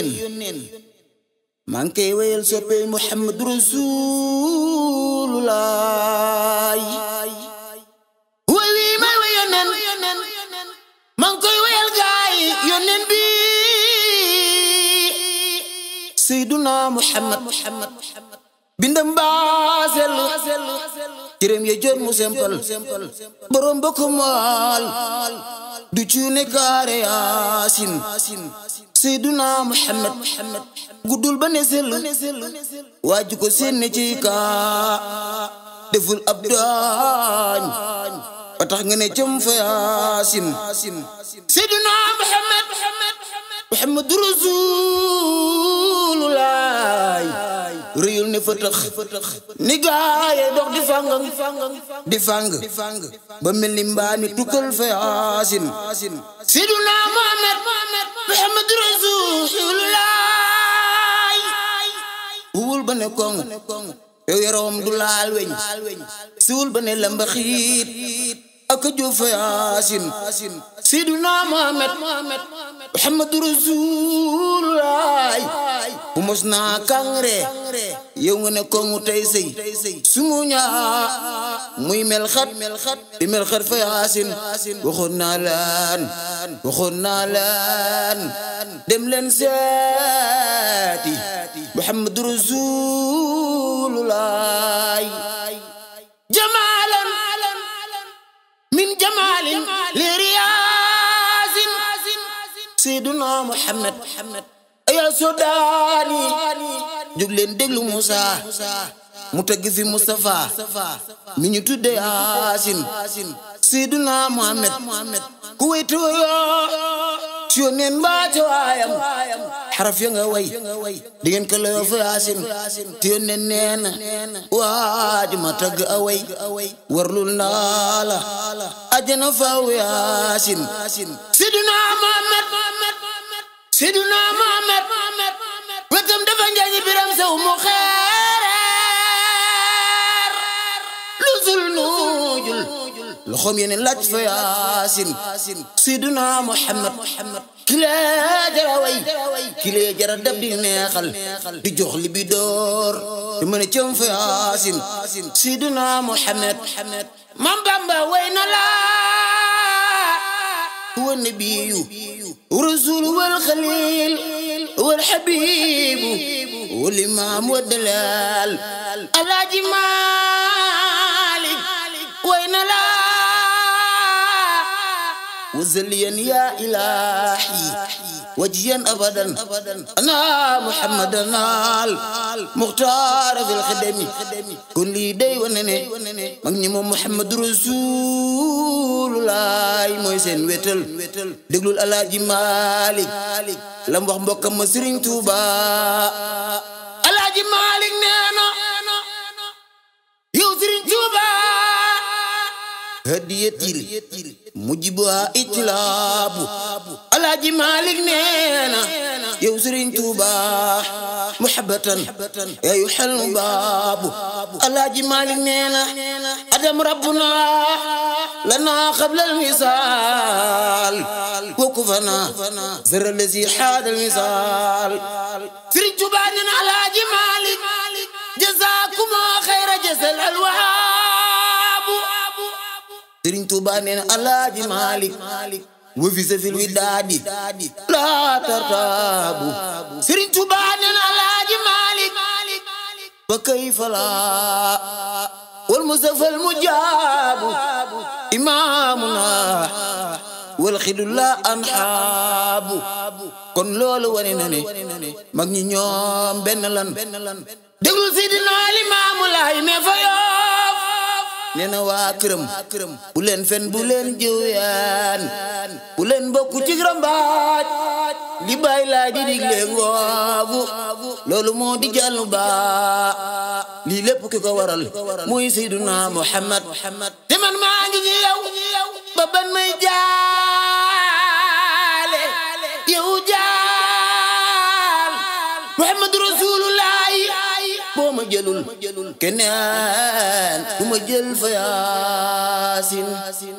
yónneen maa ngi koy wéyal soppey muhammad rasulullaay way wii may wa yónneen maa ngi koy wéyal gaay yónneen bi seyduna muhammad bindam baa sellu jërëm ya jot mu sempal borom bokk maal du cuune kaare yaasin seyduna muhammad guddul ba ne sell waaju ko senne ci deful ab daañ ba tax fa yaasin seyduna muhammad muhammadu rasul rëyul ne fa tëx ni gaaye dox di fang di fang ba mel ni mbaa mi tukkal fa yaasin siduna Muhammad Muhammad Rasulullah wul ba ne kong yow yaroom du laal weñ siwul ba ne lamba xiit ak juufa yaasin seyduna muhammad muhammadu rasuulullaay bu mos naa kangre yow nga ne kongu tey sëy sumuña muy mel xat di mel xat fa yaasin waxoon naa laan waxoon naa laan dem leen seeti muhammadu rasuulullaay seyduna muhammad ya sodaani jóg leen déglu Moussa mu tagg fi Moustapha mi ñu tudde Yaasin seyduna muhammad ku wéytoo ci yónneen ba ca waayam xaraf ya nga di ngeen ko lëf yaasin ci yónneen nee na waaju ma tagg a way warlul naa la ajana faaw yaasin siduna Muhammad siduna Muhammad wetam dafa njañi loxoom yeneen laaj fa yaasin seyduna muhammad kilee jara way kilee jara dab di neexal di jox li bi door a cëm wa nabiyu rasul wal xalil wal وزليا يا إلهي وجيا أبدا أنا محمد المختار في الخدم كن لي دي ونني مغنم محمد رسول الله موي سين ويتل دغلول الاجي مالك لم wax mbokam ma Serigne Touba الاجي مالك نينا hadiyatil mujiba itlaabu alaaji Malik neena yow Sëriñ Tuuba muhabbatan ya yu xel baabu alaaji Malik neena adam rabbuna lana qabla almisaal wa kufana zara lazi haada almisaal Sëriñ Tuuba nena alaaji Malik jazaakumaa xayra jazal alwaa Tuubaa nee na Alaaji Maalik wa fi safil wi daadi laa tartaabu Sëriñ Tuubaa nee na Alaaji Maalik fa kayfa laa wal musafal mujaabu imaamuna wal xidu laa anxaabu kon loolu wane na ne mag ñi ñoom benn lan déglul Sidina Limaamu Laay ne fa yoo nee na waa këram bu leen fen bu leen jëwyaan bu leen bokku ci rambaaj li bàyyi laa di digle ngoobu loolu moo di jàllu ba lii lépp ki ko waral muy sayduna muhammad te man maa ngi ci yow may jaale yow jaal muhammad rasulullah ma jëlul keneen du ma jël fa yaasin